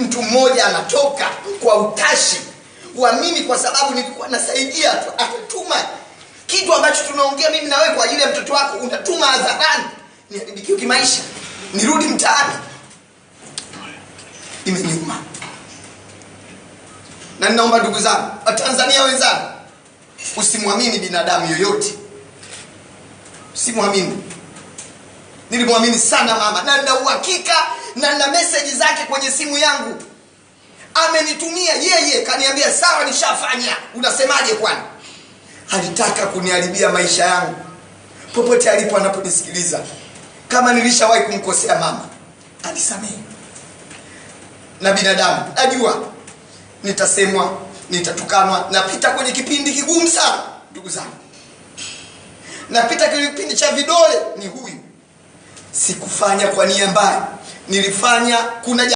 mtu mmoja anatoka kwa utashi wa mimi kwa sababu nilikuwa nasaidia atatuma ah, kitu ambacho tunaongea mimi na wewe kwa ajili ya mtoto wako unatuma hadharani niharibikiwe kimaisha nirudi mtaani imenyuma na ninaomba ndugu zangu watanzania wenzangu usimwamini binadamu yoyote usimwamini nilimwamini sana mama na nina na na meseji zake kwenye simu yangu amenitumia yeye kaniambia sawa nishafanya unasemaje kwani alitaka kuniharibia maisha yangu popote alipo anaponisikiliza kama nilishawahi kumkosea mama alisamehe na binadamu najua nitasemwa nitatukanwa napita kwenye kipindi kigumu sana ndugu zangu napita kwenye kipindi cha vidole ni huyu sikufanya kwa nia mbaya nilifanya kuna